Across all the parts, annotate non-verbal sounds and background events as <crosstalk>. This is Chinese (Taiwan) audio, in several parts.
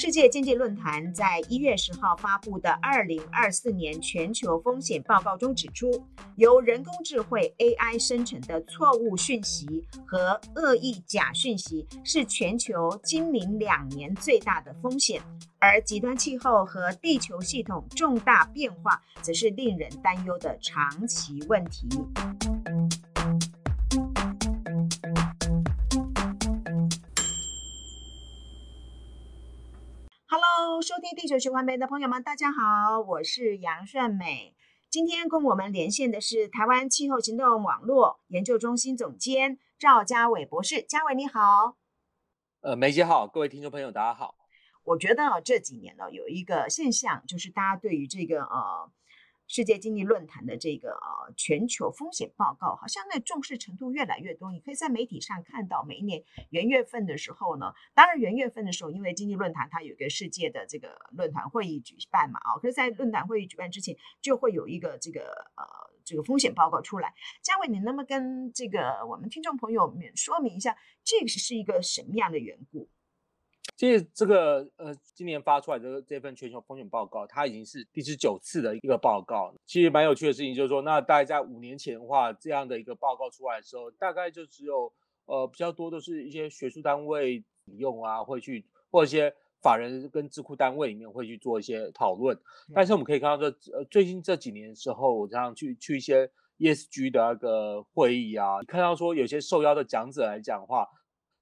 世界經濟論壇在一月十號發布的《二零二四年全球風險報告》中指出，由人工智慧 AI 生成的錯誤訊息和惡意假訊息是全球今明兩年最大的風險，而極端氣候和地球系統重大變化則是令人擔憂的長期問題。收聽地球循環杯的朋友們，大家好，我是楊順美。今天跟我們連線的是台灣氣候行動網絡研究中心總監趙家緯博士。家緯你好，呃，梅姐好，各位聽眾朋友大家好。我覺得、哦、這幾年呢、哦，有一個現象，就是大家對於這個呃。哦世界經濟論壇的這個呃、啊、全球風險報告，好像那重視程度越來越多。你可以在媒體上看到，每一年元月份的時候呢，當然元月份的時候，因為經濟論壇它有一個世界的這個論壇會議舉辦嘛，啊，可是，在論壇會議舉辦之前，就會有一個這個呃、啊、這個風險報告出來。嘉偉，你能不能跟這個我們聽眾朋友們說明一下，這個是是一個什麼樣的緣故？其實這個呃，今年發出來的這份全球風險報告，它已經是第十九次的一個報告。其實蠻有趣的事情就是說，那大概在五年前的話，這樣的一個報告出來的時候，大概就只有呃比較多都是一些學術單位用啊，會去或者一些法人跟智庫單位裡面會去做一些討論。嗯。但是我們可以看到這，這呃最近這幾年的時候，我常常去去一些 ESG 的那個會議啊，看到說有些受邀的講者來講的話，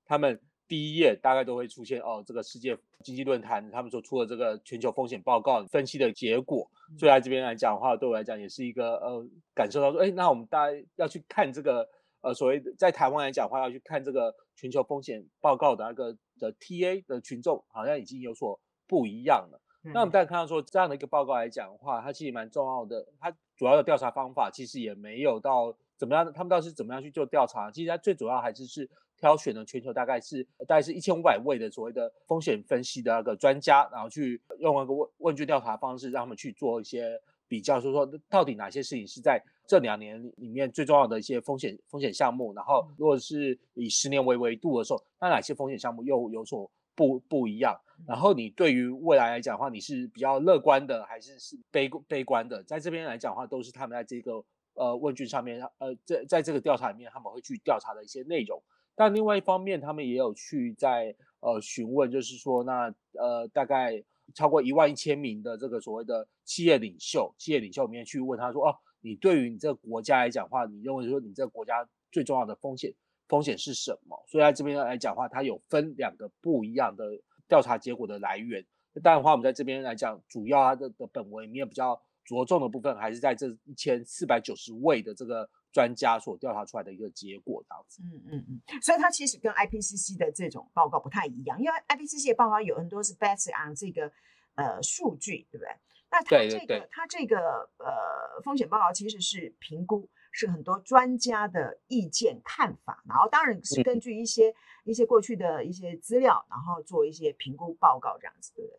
他們第一頁大概都會出現哦，這個世界經濟論壇他們所出的這個全球風險報告分析的結果，所以在這邊來講的話，對我來講也是一個呃感受到說，哎、欸，那我們大家要去看這個呃所謂在台灣來講的話，要去看這個全球風險報告的那個的 TA 的群眾好像已經有所不一樣了。嗯、那我們大家看到說這樣的一個報告來講的話，它其實蠻重要的，它主要的調查方法其實也沒有到怎麼樣，他們到底是怎麼樣去做調查？其實它最主要還是是。挑選了全球大概是大概是一千五百位的所謂的風險分析的那個專家，然後去用一個問問卷調查方式，讓他們去做一些比較，就是、說說到底哪些事情是在這兩年裡面最重要的一些風險風險項目，然後如果是以十年為維度的時候，那哪些風險項目又有所不不一樣？然後你對於未來來講的話，你是比較樂觀的還是是悲悲觀的？在這邊來講的話，都是他們在這個呃問卷上面，呃在在這個調查裡面，他們會去調查的一些內容。但另外一方面，他們也有去在呃詢問，就是說那呃大概超過一萬一千名的這個所謂的企業領袖，企業領袖裡面去問他說，哦，你對於你這個國家來講的話，你認為說你這個國家最重要的風險風險是什麼？所以在這邊來講的話，它，有分兩個不一樣的調查結果的來源。當然的話，我們在這邊來講，主要它的的本文裡面比較着重的部分，還是在這一千四百九十位的這個。專家所調查出來的一個結果，這樣子。嗯嗯嗯，所以它其實跟 IPCC 的這種報告不太一樣，因為 IPCC 的報告有很多是 based on 這個呃數據，對不對？那它這個它這個呃風險報告其實是評估，是很多專家的意見看法，然後當然是根據一些、嗯、一些過去的一些資料，然後做一些評估報告這樣子，對不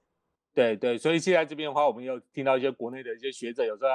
對？對對，所以現在這邊的話，我們又聽到一些國內的一些學者有在。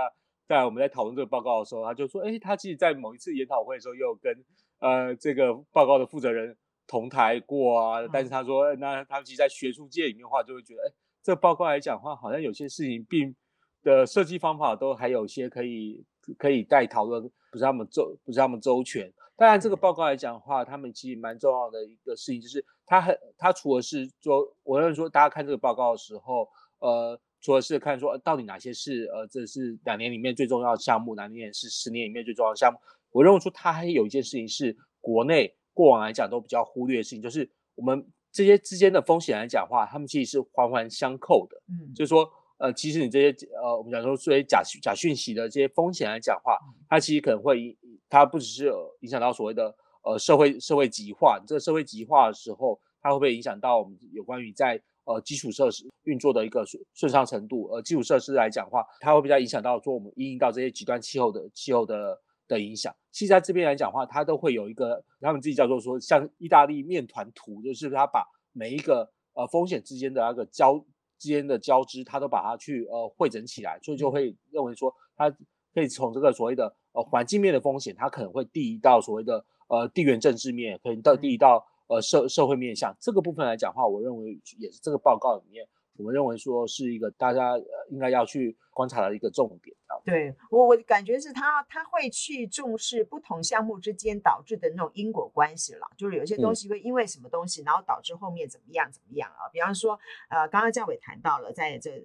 在我們在討論這個報告的時候，他就說：“哎、欸，他其實在某一次研討會的時候也有，又跟呃這個報告的負責人同台過啊。嗯、但是他說，那他們其實，在學術界裡面的話，就會覺得，哎、欸，這個報告來講的話，好像有些事情並的設計方法都還有些可以可以待討論，不是那麼周，不是那麼周全。當然，這個報告來講的話，他們其實蠻重要的一個事情，就是他很他除了是說，我認為說，大家看這個報告的時候，呃。”說的是看說到底哪些是呃，這是兩年裡面最重要的項目，哪一年是十年裡面最重要的項目？我認為說它還有一件事情是國內過往來講都比較忽略的事情，就是我們這些之間的風險來講話，他們其實是環環相扣的。嗯，就是說呃其實你這些呃我們講說，這些假假訊息的這些風險來講話，它其實可能會它不只是、呃、影響到所謂的呃社會社會極化，這個社會極化的時候，它會不會影響到我們有關於在。呃，基礎設施運作的一個順順暢程度，呃，基礎設施來講的話，它會比較影響到說我們因應到這些極端氣候的氣候的的影響。其實在這邊來講的話，它都會有一個他們自己叫做說，像意大利麵團圖，就是它把每一個呃風險之間的那個交之間的交織，它都把它去呃彙整起來，所以就會認為說，它可以從這個所謂的呃環境面的風險，它可能會遞移到所謂的呃地緣政治面，可能到遞移到。嗯呃，社社會面向這個部分來講的話，我認為也是這個報告裡面，我們認為說是一個大家應該要去觀察的一個重點。對，我我感覺是他他會去重視不同項目之間導致的那種因果關係了，就是有些東西會因為什麼東西，嗯、然後導致後面怎麼樣怎麼樣啊？比方說，呃，剛剛家偉談到了，在這這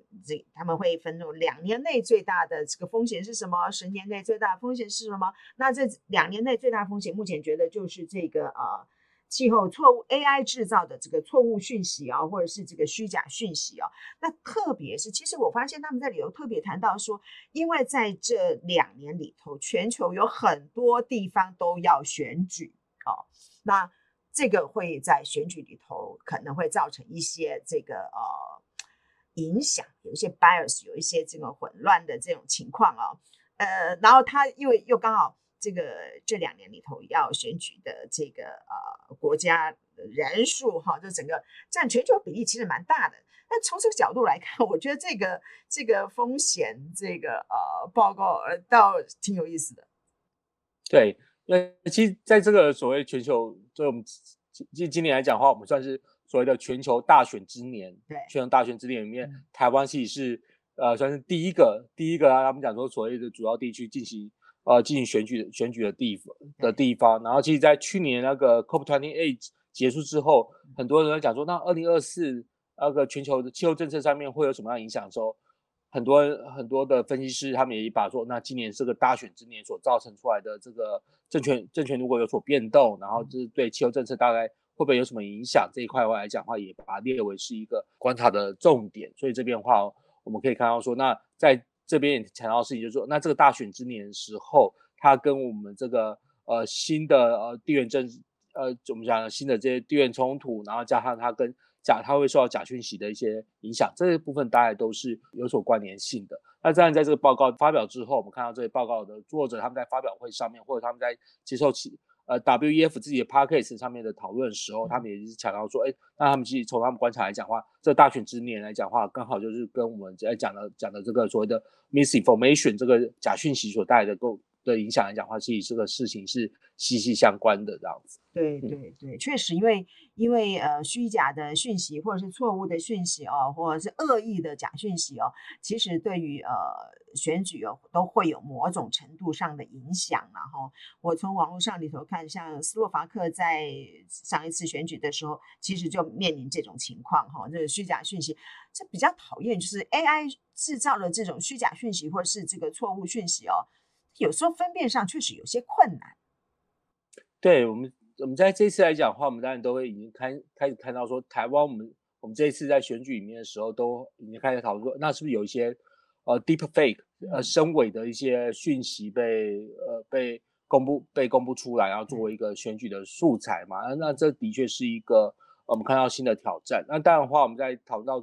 他們會分那種兩年內最大的這個風險是什麼，十年內最大風險是什麼？那這兩年內最大風險，目前覺得就是這個呃。氣候錯誤 AI 製造的這個錯誤訊息啊、哦，或者是這個虛假訊息啊、哦，那特別是，其實我發現他們在裡頭特別談到說，因為在這兩年裡頭，全球有很多地方都要選舉哦。那這個會在選舉裡頭可能會造成一些這個呃、哦、影響，有一些 bias，有一些這個混亂的這種情況啊、哦，呃，然後他又又剛好。這個這兩年裡頭要選舉的這個呃國家人數哈，就整個佔全球比例其實蠻大的。但從這個角度來看，我覺得這個這個風險這個呃報告呃倒挺有意思的。對，那其實在這個所謂全球，就我們今今年來講的話，我們算是所謂的全球大選之年。對，全球大選之年裡面，嗯、台灣其實是呃算是第一個第一個、啊，他們講說所謂的主要地區進行。呃，進行選舉的選舉的地方的地方，然後其實，在去年的那個 COP28 結束之後，嗯，很多人講說，那二零二四那個全球的氣候政策上面會有什麼樣影響的時候，很多很多的分析師他們也把說，那今年這個大選之年所造成出來的這個政權政權如果有所變動，然後就是對氣候政策大概會不會有什麼影響這一塊我來講的話，也把它列為是一個觀察的重點。所以這邊的話，我們可以看到說，那在。這邊也強調的事情，就是說那這個大選之年的時候，他跟我們這個呃新的呃地緣政呃，我們講新的這些地緣衝突，然後加上他跟假，他會受到假訊息的一些影響，這些、個、部分大概都是有所關聯性的。那這樣在這個報告發表之後，我們看到這些報告的作者他們在發表會上面，或者他們在接受其。呃，WEF 自己的 podcast 上面的討論時候，他們也是強調說，誒、欸，那他們其實從他們觀察來講話，這大選之年來講話，剛好就是跟我們在講的講的這個所謂的 misinformation 這個假訊息所帶來的夠。的影響來講話，其實這個事情是息息相關的這樣子、嗯。對對對，確實因，因為因為呃虛假的訊息或者是錯誤的訊息哦，或者是惡意的假訊息哦，其實對於呃選舉哦都會有某種程度上的影響、啊。然後我從網絡上裡頭看，像斯洛伐克在上一次選舉的時候，其實就面臨這種情況哈、哦，就、這、是、個、虛假訊息這比較討厭，就是 AI 製造的這種虛假訊息或者是這個錯誤訊息哦。有時候分辨上確實有些困難。對我們，我們在這次來講的話，我們當然都會已經開開始看到說，台灣我們我們這一次在選舉裡面的時候，都已經開始討論，那是不是有一些呃 deep fake 呃深偽的一些訊息被、嗯、呃被公布被公布出來，然後作為一個選舉的素材嘛？嗯、那這的確是一個我們看到新的挑戰。那當然的話，我們在討論到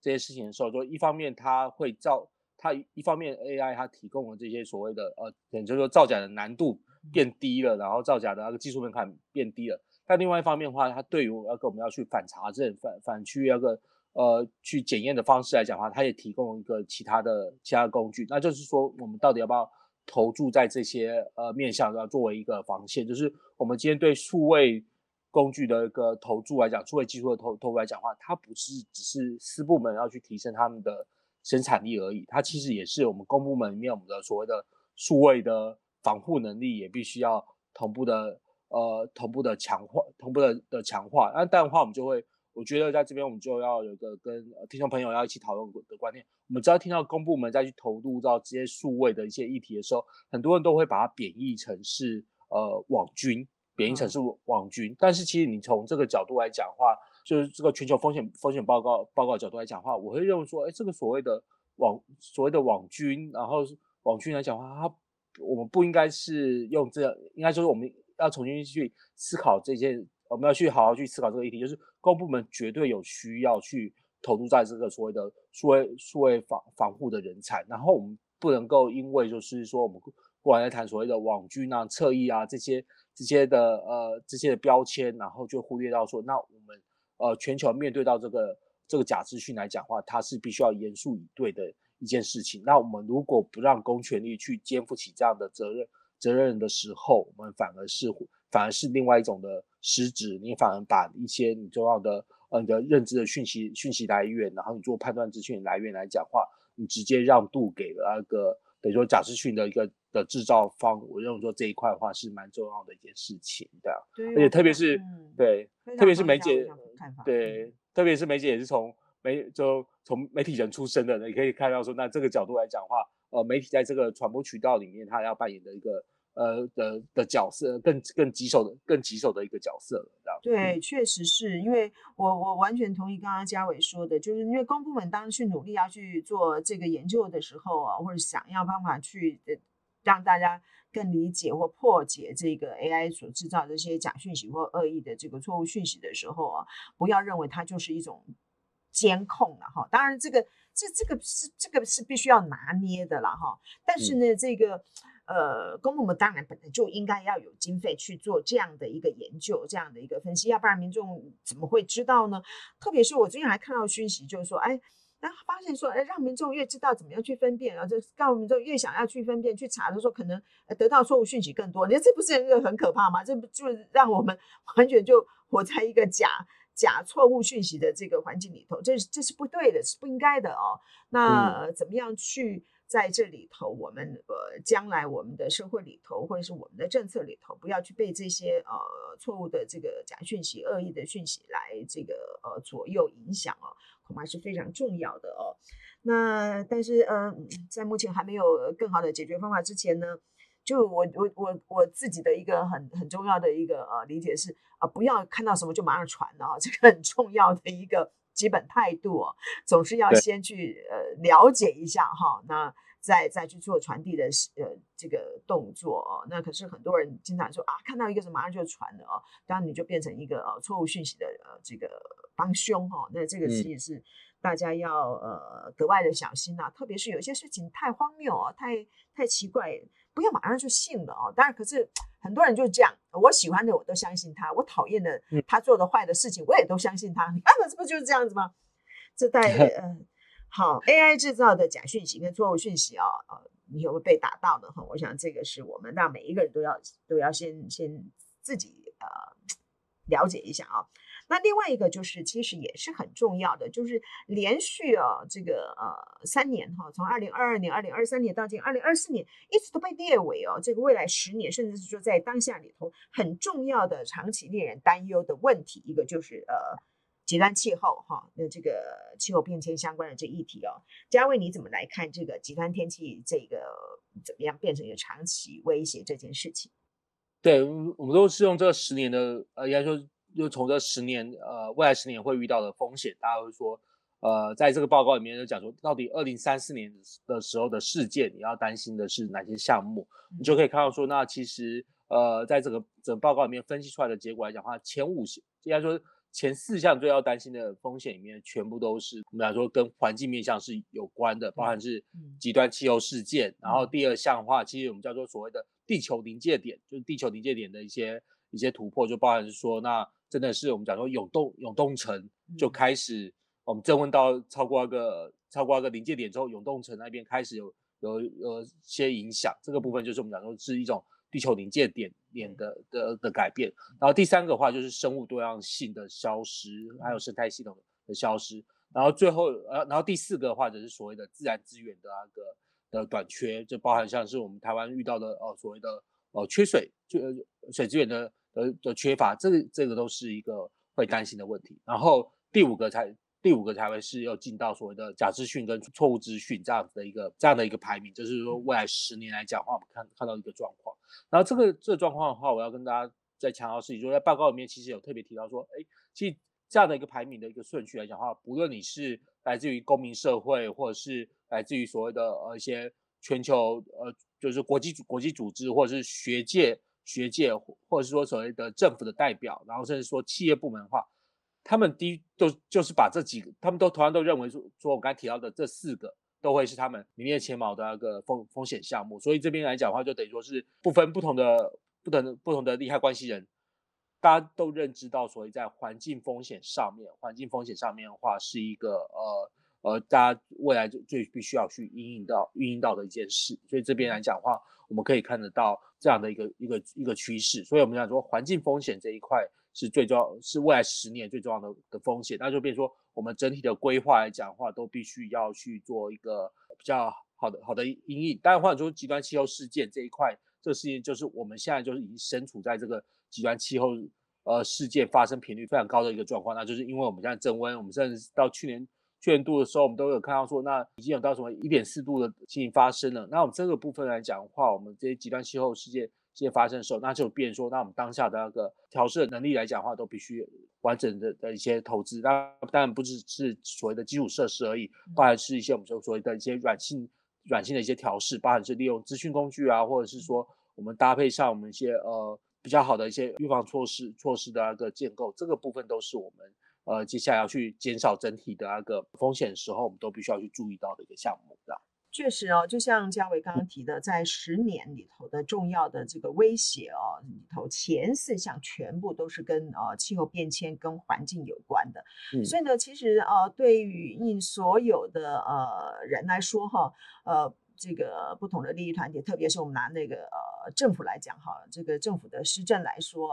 這些事情的時候，說一方面它會造。它一方面 AI 它提供了這些所謂的呃，也就是說造假的難度變低了，嗯、然後造假的那個技術門檻變低了。但另外一方面的話，它對於要跟我們要去反查證、反反去那個呃去檢驗的方式來講的話，它也提供了一個其他的其他的工具。那就是說，我們到底要不要投注在這些呃面向要作為一個防線？就是我們今天對數位工具的一個投注來講，數位技術的投投入來講的話，它不是只是私部門要去提升他們的。生產力而已，它其實也是我們公部門裡面我們的所謂的數位的防護能力，也必須要同步的呃同步的強化，同步的的強化。那這樣的話，我們就會，我覺得在這邊我們就要有一個跟聽眾朋友要一起討論的觀念。我們知道，聽到公部門再去投入到這些數位的一些議題的時候，很多人都會把它貶義成是呃網軍，貶義成是網軍。嗯。但是其實你從這個角度來講的話。就是這個全球風險風險報告報告角度來講的話，我會認為說，哎，這個所謂的網所謂的網軍，然後網軍來講的話，他我們不應該是用這樣，應該說我們要重新去思考這些，我們要去好好去思考這個議題，就是公部門絕對有需要去投入在這個所謂的數位數位防防護的人才，然後我們不能夠因為就是說我們過來談所謂的網軍啊、側翼啊這些這些的呃這些的標籤，然後就忽略到說那我們。呃，全球面對到這個這個假資訊來講的話，它是必須要嚴肅以對的一件事情。那我們如果不讓公權力去肩負起這樣的責任責任的時候，我們反而是反而是另外一種的失職。你反而把一些你重要的，呃，你的認知的訊息訊息來源，然後你做判斷資訊來源來講話，你直接讓渡給了一、那個等於說假資訊的一個的製造方法，我認為說這一塊的話是蠻重要的一件事情，對，而且特別是，嗯、對，特別是梅姐，看法對，嗯、特別是梅姐也是從媒就從媒體人出身的，你可以看到說，那這個角度來講的話，呃，媒體在這個傳播渠道裡面，他要扮演的一個呃的的角色，更更棘手的更棘手的一個角色，對，確、嗯、實是因為我我完全同意剛剛嘉偉說的，就是因為公部門當去努力要去做這個研究的時候，啊，或者想要辦法去讓大家更理解或破解這個 AI 所製造這些假訊息或惡意的這個錯誤訊息的時候啊，不要認為它就是一種監控了、啊、哈。當然，這個這，這個這這個是這個是必須要拿捏的啦哈。但是呢，嗯、這個呃，公部門當然本來就應該要有經費去做這樣的一個研究，這樣的一個分析，要不然民眾怎麼會知道呢？特別是我最近還看到訊息，就是說，哎。那發現說，哎，讓民眾越知道怎麼樣去分辨，然後就讓民眾越想要去分辨、去查的時候，可能得到錯誤訊息更多。你說這不是很很可怕嗎？這不就讓我們完全就活在一個假假錯誤訊息的這個環境裡頭？這這是不對的，是不應該的哦。那怎麼樣去在這裡頭，我們呃將來我們的社會裡頭，或者是我們的政策裡頭，不要去被這些呃錯誤的這個假訊息、惡意的訊息來這個呃左右影響哦，恐怕是非常重要的哦。那但是，呃，在目前還沒有更好的解決方法，之前呢，就我我我我自己的一個很很重要的一個呃、啊、理解是啊、呃，不要看到什麼就馬上傳了，啊，這個很重要的一個基本態度哦，總是要先去呃了解一下哈、哦。對那。再再去做傳遞的呃這個動作哦，那可是很多人經常說啊，看到一個什麼馬上就傳了哦，當然你就變成一個呃錯誤訊息的呃這個幫凶哦，那這個其實也是大家要呃格外的小心啊，特別是有些事情太荒謬哦，太太奇怪，不要馬上就信了哦。當然可是很多人就這樣，我喜歡的我都相信他，我討厭的他做的壞的事情我也都相信他，哎、嗯，這不就是這樣子嗎？這在呃。 <laughs> 好，AI 製造的假訊息跟錯誤訊息啊、哦，你、哦、有沒有被打到呢？哈、哦，我想這個是我們讓每一個人都要都要先先自己呃了解一下啊、哦。那另外一個就是其實也是很重要的，就是連續啊、哦、這個呃三年哈、哦，從二零二二年、二零二三年到今二零二四年，一直都被列為哦這個未來十年甚至是說在當下裡頭很重要的長期令人擔憂的問題，一個就是呃。極端氣候，哈、哦，那這個氣候變遷相關的這議題哦，嘉偉你怎麼來看這個極端天氣這個怎麼樣變成一個長期威脅這件事情？對，我們都是用這十年的，呃，應該說，就從這十年，呃，未來十年會遇到的風險，大家會說，呃，在這個報告裡面就講說，到底二零三四年的時候的事件你要擔心的是哪些項目？嗯、你就可以看到說，那其實，呃，在這個整個報告裡面分析出來的結果來講的話，前五應該說。前四項最要擔心的風險裡面，全部都是我們講說跟環境面向是有關的，包含是極端氣候事件。嗯嗯、然後第二項的話，其實我們叫做所謂的地球臨界點，就是地球臨界點的一些一些突破，就包含是說那真的是我們講說永凍永凍層就開始我們增溫到超過一個、呃、超過一個臨界點之後，永凍層那邊開始有有有一些影響，這個部分就是我們講說是一種地球臨界點。點的的的改變，然後第三個的話就是生物多樣性的消失，還有生態系統的消失，然後最後，呃然後第四個的話就是所謂的自然資源的那個的短缺，就包含像是我們台灣遇到的呃所謂的呃缺水，就水資源的呃的缺乏，這這個都是一個會擔心的問題。然後第五個才。第五個才會是要進到所謂的假資訊跟錯誤資訊這樣子的一個這樣的一個排名，就是說未來十年來講的話，我們看看到一個狀況。然後這個這個狀況的話，我要跟大家再強調的是，就是在報告裡面其實有特別提到說，哎，其實這樣的一個排名的一個順序來講的話，不論你是來自於公民社會，或者是來自於所謂的呃一些全球呃就是國際國際組織，或者是學界學界，或者是說所謂的政府的代表，然後甚至說企業部門的話。他們第一都就是把這幾個，他們都同樣都認為說，說我剛才提到的這四個都會是他們名列前茅的那個風風險項目，所以這邊來講的話，就等於說是不分不同的、不同的不同的利害關係人，大家都認知到，所以在環境風險上面，環境風險上面的話是一個呃呃，大家未來最最必須要去應用到應用到的一件事，所以這邊來講的話，我們可以看得到這樣的一個一個一個趨勢，所以我們想說環境風險這一塊。是最重要，是未來十年最重要的的風險，那就變成說我們整體的規劃來講的話，都必須要去做一個比較好的好的因應。當然，換說極端氣候事件這一塊，這事情就是我們現在就是已經身處在這個極端氣候呃事件發生頻率非常高的一個狀況。那就是因為我們現在增溫，我們甚至到去年去年度的時候，我們都有看到說，那已經有到什麼一點四度的事情發生了。那我們這個部分來講的話，我們這些極端氣候事件。發生的時候，那就變成說，那我們當下的那個調適的能力來講的話，都必須完整的的一些投資。當然不只是所謂的基礎設施而已，包含是一些我們說所謂的一些軟性、軟性的一些調適，包含是利用資訊工具啊，或者是說我們搭配上我們一些呃比較好的一些預防措施措施的那個建構，這個部分都是我們呃接下來要去減少整體的那個風險的時候，我們都必須要去注意到的一個項目，這確實哦，就像嘉偉剛剛提的，在十年裡頭的重要的這個威脅哦裡頭，前四項全部都是跟呃氣候變遷跟環境有關的，嗯、所以呢，其實呃、啊、對於所有的呃人來說哈，呃。這個不同的利益團體，特別是我們拿那個呃政府來講哈，這個政府的施政來說，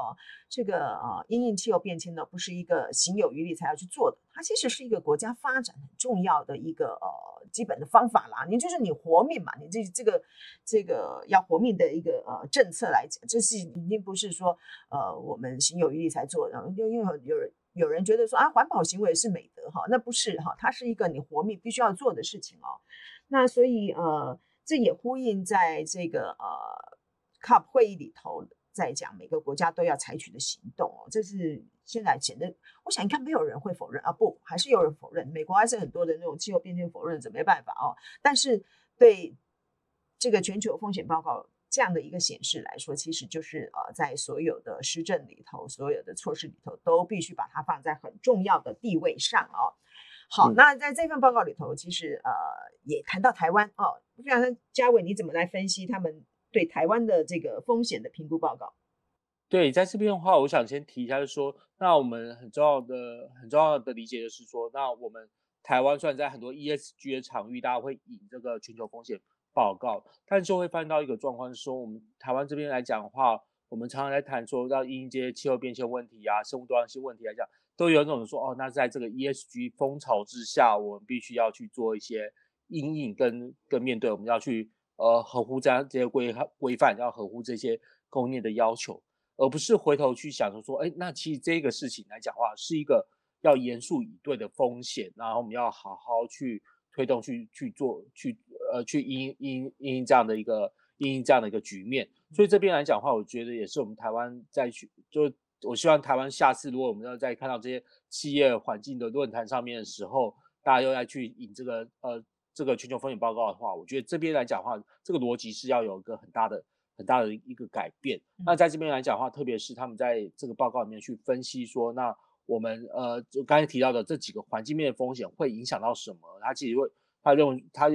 這個呃因應氣候變遷呢，不是一個行有餘力才要去做的，它其實是一個國家發展很重要的一個呃基本的方法啦。你就是你活命嘛，你這這個這個要活命的一個呃政策來講，這是已經不是說呃我們行有餘力才做的。因為有有人有人覺得說啊環保行為是美德哈、哦，那不是哈、哦，它是一個你活命必須要做的事情哦。那所以，呃，這也呼應在這個呃 COP 會議裡頭，在講每個國家都要採取的行動哦。這是現在講的，我想，應該沒有人會否認啊，不，還是有人否認，美國還是很多的那種氣候變遷否認者，這沒辦法哦。但是對這個全球風險報告這樣的一個顯示來說，其實就是呃，在所有的施政裡頭，所有的措施裡頭，都必須把它放在很重要的地位上哦。好，嗯、那在這份報告裡頭，其實呃也談到台灣哦。非常嘉偉，你怎麼來分析他們對台灣的這個風險的評估報告？對，在這邊的話，我想先提一下，就是說，那我們很重要的、很重要的理解就是說，那我們台灣雖然在很多 ESG 的場域，大家會引這個全球風險報告，但就會翻到一個狀況，是說我們台灣這邊來講的話，我們常常在談說，要迎接氣候變遷問題啊、生物多樣性問題來講。都有這種說哦，那在這個 ESG 風潮之下，我們必須要去做一些因應跟跟面對，我們要去呃合乎這樣這些規規範，要合乎這些工業的要求，而不是回頭去想說說，哎，那其實這個事情來講的話是一個要嚴肅以對的風險，然後我們要好好去推動去去做，去呃去因應因應因應這樣的一個因應這樣的一個局面。所以這邊來講的話，我覺得也是我們台灣在去就。我希望台灣下次，如果我們要再看到這些企業環境的論壇上面的時候，大家又要去引這個呃這個全球風險報告的話，我覺得這邊來講的話，這個邏輯是要有一個很大的很大的一個改變。那在這邊來講的話，特別是他們在這個報告裡面去分析說，那我們呃就剛才提到的這幾個環境面的風險會影響到什麼？他其實會他認為他。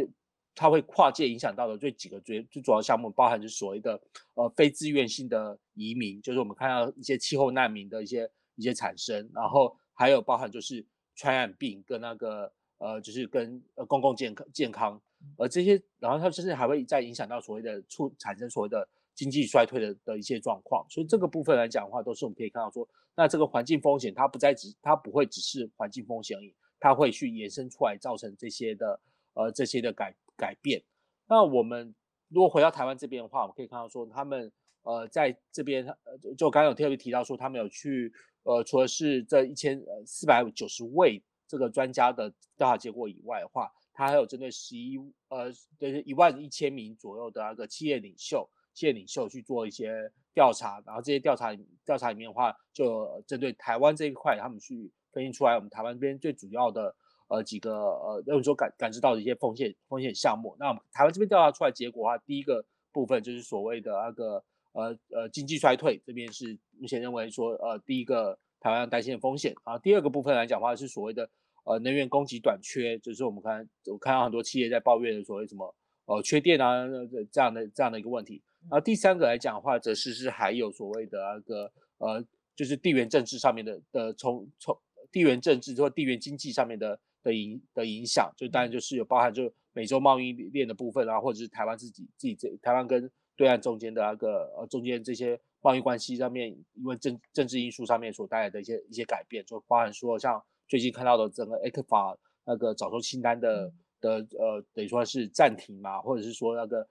它會跨界影響到的這幾個最最主要項目，包含就是所謂的呃非自願性的移民，就是我們看到一些氣候難民的一些一些產生，然後還有包含就是傳染病跟那個呃就是跟公共健康健康，而這些然後它甚至還會再影響到所謂的促產生所謂的經濟衰退的的一些狀況，所以這個部分來講的話，都是我們可以看到說，那這個環境風險它不再只它不會只是環境風險而已，它會去延伸出來造成這些的呃這些的改。改變。那我們如果回到台灣這邊的話，我們可以看到說，他們呃，在這邊呃,就剛剛有特別提到說，他們有去呃,除了是這一千四百九十位這個專家的調查結果以外的話，他還有針對十一呃，就是一萬一千名左右的那個企業領袖，企業領袖去做一些調查。然後這些調查調查裡面的話，就針對台灣這一塊，他們去分析出來我們台灣這邊最主要的。呃，幾個呃，認為說感感知到的一些風險風險項目，那我們台灣這邊調查出來結果的話，第一個部分就是所謂的那個呃呃經濟衰退，這邊是目前認為說呃第一個台灣要擔心的風險啊。然後第二個部分來講的話是所謂的呃能源供給短缺，就是我們看我看到很多企業在抱怨的所謂什麼呃缺電啊、呃、這樣的這樣的一個問題。然後第三個來講的話則是是還有所謂的那個呃就是地緣政治上面的的，從、呃、從地緣政治或地緣經濟上面的的影的影響，就當然就是有包含就美洲貿易鏈的部分啊，或者是台灣自己自己這台灣跟對岸中間的那個呃、啊、中間這些貿易關係上面，因為政政治因素上面所帶來的一些一些改變，就包含說像最近看到的整個 ECFA 那個早收清單的，嗯、的呃等於說是暫停嘛，或者是說那個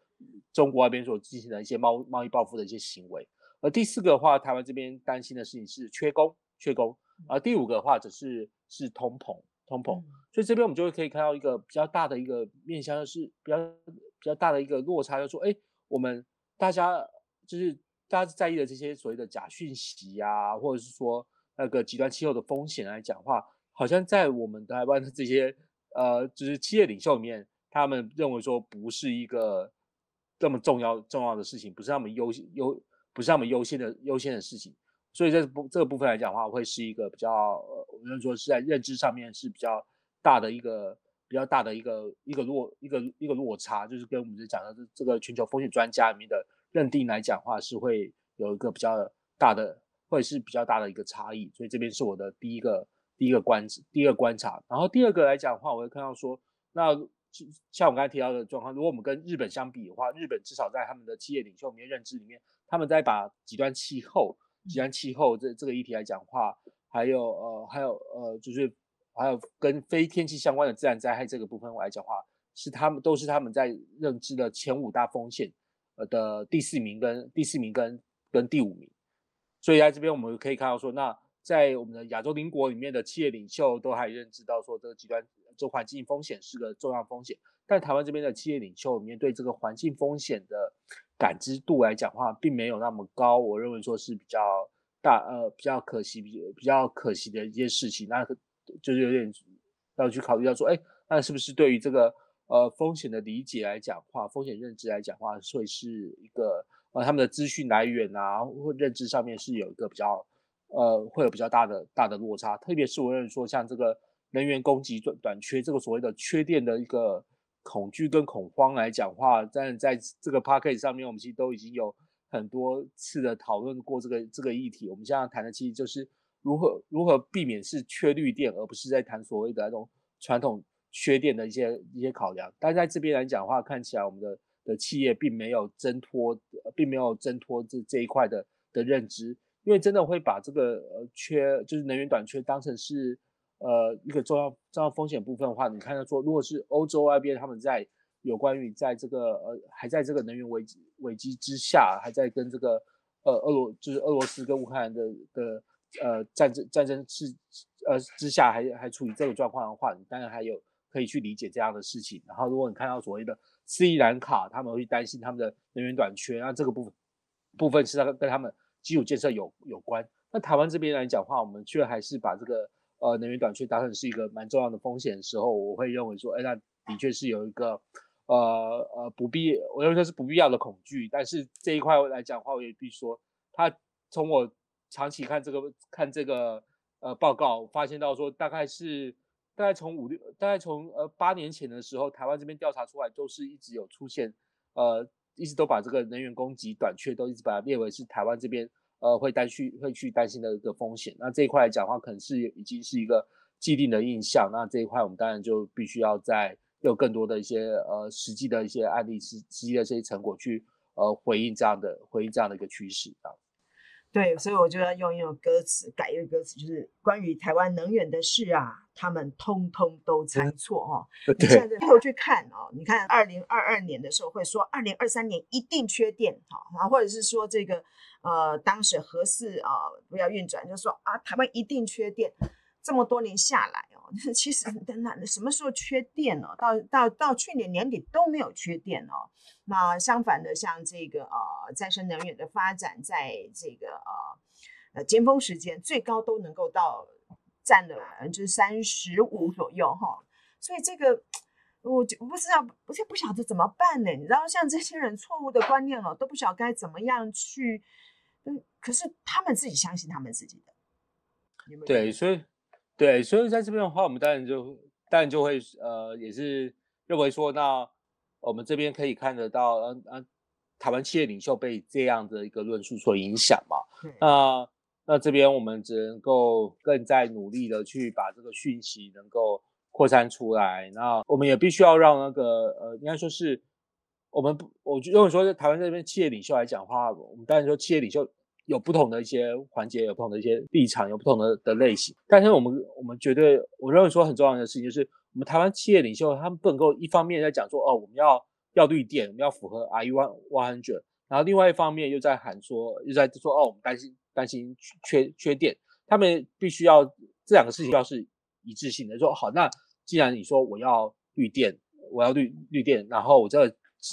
中國那邊所進行的一些貿貿易報復的一些行為。而第四個的話，台灣這邊擔心的事情是缺工，缺工。而第五個的話，則是是通膨。通膨，所以這邊我們就會可以看到一個比較大的一個面向，就是比較比較大的一個落差，就是說，哎、欸，我們大家就是大家在意的這些所謂的假訊息啊，或者是說那個極端氣候的風險來講的話，好像在我們台灣的這些呃，就是企業領袖裡面，他們認為說不是一個這麼重要重要的事情，不是那麼優優不是那麼優先的優先的事情，所以在這部這個部分來講的話，會是一個比較。我們說是在認知上面是比較大的一個比較大的一個一個落一個一個落差，就是跟我們講的這這個全球風險專家裡面的認定來講的話，是會有一個比較大的會是比較大的一個差異。所以這邊是我的第一個第一個觀第一個觀察。然後第二個來講的話，我會看到說，那像我們剛才提到的狀況，如果我們跟日本相比的話，日本至少在他們的企業領袖裡面認知裡面，他們在把極端氣候極端氣候這這個議題來講的話，還有呃，還有呃，就是還有跟非天氣相關的自然災害這個部分我來講的話，是他們都是他們在認知的前五大風險呃的第四名跟第四名跟跟第五名，所以在這邊我們可以看到說，那在我們的亞洲鄰國裡面的企業領袖都還認知到說這個極端這環境風險是個重要風險，但台灣這邊的企業領袖裡面對這個環境風險的感知度來講的話，並沒有那麼高，我認為說是比較。呃，比較可惜比較，比較可惜的一件事情，那就是有點要去考慮到說，哎、欸，那是不是對於這個呃風險的理解來講話，風險認知來講話，所以是一個呃他們的資訊來源啊或認知上面是有一個比較呃會有比較大的大的落差，特別是我認為說像這個人員供給短短缺，這個所謂的缺電的一個恐懼跟恐慌來講話，但在這個 podcast 上面，我們其實都已經有。很多次的討論過這個這個議題，我們現在談的其實就是如何如何避免是缺綠電，而不是在談所謂的那種傳統缺電的一些一些考量。但在這邊來講的話，看起來我們的的企業並沒有掙脫並沒有掙脫這這一塊的的認知，因為真的會把這個呃缺就是能源短缺當成是呃一個重要重要風險部分的話，你看到說如果是歐洲那邊他們在。有關於在這個呃還在這個能源危危機之下，還在跟這個呃俄羅就是俄羅斯跟烏克蘭的的呃戰爭戰爭是呃之下還還處於這種狀況的話，你當然還有可以去理解這樣的事情。然後如果你看到所謂的斯里蘭卡，他們會擔心他們的能源短缺，那這個部分部分是那個跟他們基礎建設有有關。那台灣這邊來講的話，我們卻還是把這個呃能源短缺當成是一個蠻重要的風險的時候，我會認為說，哎、欸，那的確是有一個。呃呃，不必，我認為這是不必要的恐懼，但是這一塊來講的話，我也必須說，他從我長期看這個看這個呃報告，發現到說大概是大概從五六，大概從呃八年前的時候，台灣這邊調查出來都是一直有出現，呃，一直都把這個能源供給短缺都一直把它列為是台灣這邊呃會擔去會去擔心的一個風險。那這一塊來講的話，可能是已經是一個既定的印象。那這一塊我們當然就必須要在。有更多的一些呃實際的一些案例，實實際的這些成果去呃回應這樣的回應這樣的一個趨勢啊。對，所以我就要用一用歌詞改一個歌詞，就是關於台灣能源的事啊，他們通通都猜錯哦。嗯、對。你現在回頭去看哦，你看二零二二年的時候會說二零二三年一定缺電哈、哦，然後或者是說這個呃當時核四啊不要運轉，就是、說啊台灣一定缺電。這麼多年下來哦，其實那什麼時候缺電哦？到到到去年年底都沒有缺電哦。那相反的，像這個呃再生能源的發展，在這個呃呃尖峰時間，最高都能夠到佔了百分之三十五左右哈。所以這個我就不知道，我就不曉得怎麼辦呢？你知道像這些人錯誤的觀念了，都不曉得該怎麼樣去。可是他們自己相信他們自己的，有沒有？對，所以。對，所以在這邊的話，我們當然就當然就會呃，也是認為說，那我們這邊可以看得到，嗯、呃、嗯、啊，台灣企業領袖被這樣的一個論述所影響嘛。那、嗯呃、那這邊我們只能夠更再努力的去把這個訊息能夠擴散出來。那我們也必須要讓那個呃，應該說是我們，我我認為說在台灣在這邊企業領袖來講話，我們當然說企業領袖。有不同的一些環節，有不同的一些立場，有不同的的類型。但是我們我們覺得，我認為說很重要的事情就是，我們台灣企業領袖他們不能夠一方面在講說哦，我們要要綠電，我們要符合 RE100，然後另外一方面又在喊說又在說哦，我們擔心擔心缺缺電，他們必須要這兩個事情要是一致性的。就是、說好，那既然你說我要綠電，我要綠綠電，然後我這個、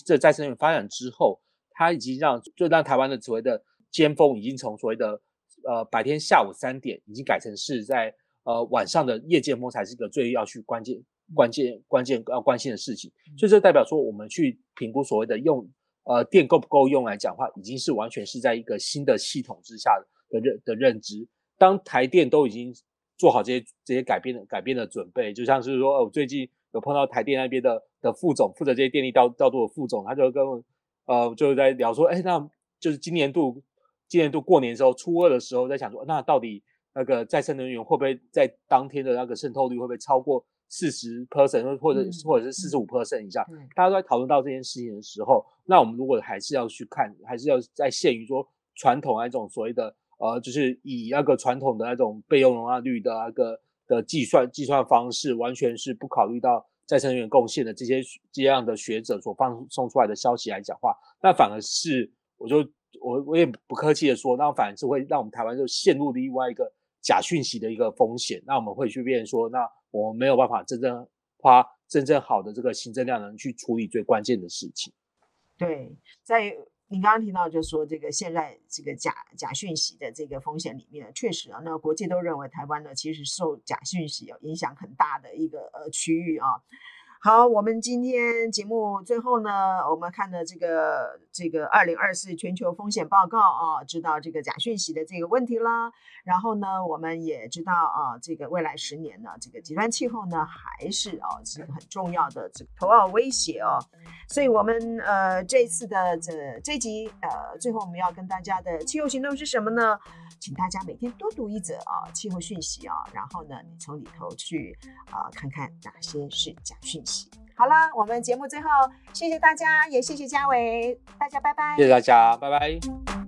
這個、再生能源發展之後，他已經讓就讓台灣的所謂的。尖峰已經從所謂的呃白天下午三點，已經改成是在呃晚上的夜尖峰，才是一個最要去關鍵關鍵關鍵要關心的事情。嗯、所以這代表說，我們去評估所謂的用呃電夠不夠用來講話，已經是完全是在一個新的系統之下的，的認的認知。當台電都已經做好這些這些改變的改變的準備，就像就是說哦，呃、我最近有碰到台電那邊的的副總負責這些電力調調度的副總，他就跟我呃就在聊說，哎、欸，那就是今年度。今年度過年的時候，初二的時候在想說，那到底那個再生能源會不會在當天的那個滲透率會不會超過四十 percent，或者或者是四十五 percent 以上？大家都在討論到這件事情的時候，那我們如果還是要去看，還是要再限於說傳統那種所謂的呃，就是以那個傳統的那種備用容量率的那個的計算計算方式，完全是不考慮到再生能源貢獻的這些這樣的學者所放送出來的消息來講話，那反而是我就。我我也不客氣的說，那反而是會讓我們台灣就陷入另外一個假訊息的一個風險。那我們會去變說，那我們沒有辦法真正花真正好的這個行政量能去處理最關鍵的事情。對，在你剛剛聽到的就是說這個現在這個假假訊息的這個風險裡面，確實啊，那國際都認為台灣呢其實受假訊息有影響很大的一個呃區域啊。好，我們今天節目最後呢，我們看了這個這個二零二四全球風險報告啊，知道這個假訊息的這個問題啦。然後呢，我們也知道啊，這個未來十年呢、啊，這個極端氣候呢，還是啊是很重要的這個頭號威脅哦、啊。所以，我們呃這次的這這集呃最後我們要跟大家的氣候行動是什麼呢？請大家每天多讀一則啊、哦，氣候訊息啊、哦，然後呢，你從裡頭去啊、呃、看看哪些是假訊息。好了，我們節目最後，謝謝大家，也謝謝嘉偉，大家拜拜。謝謝大家，拜拜。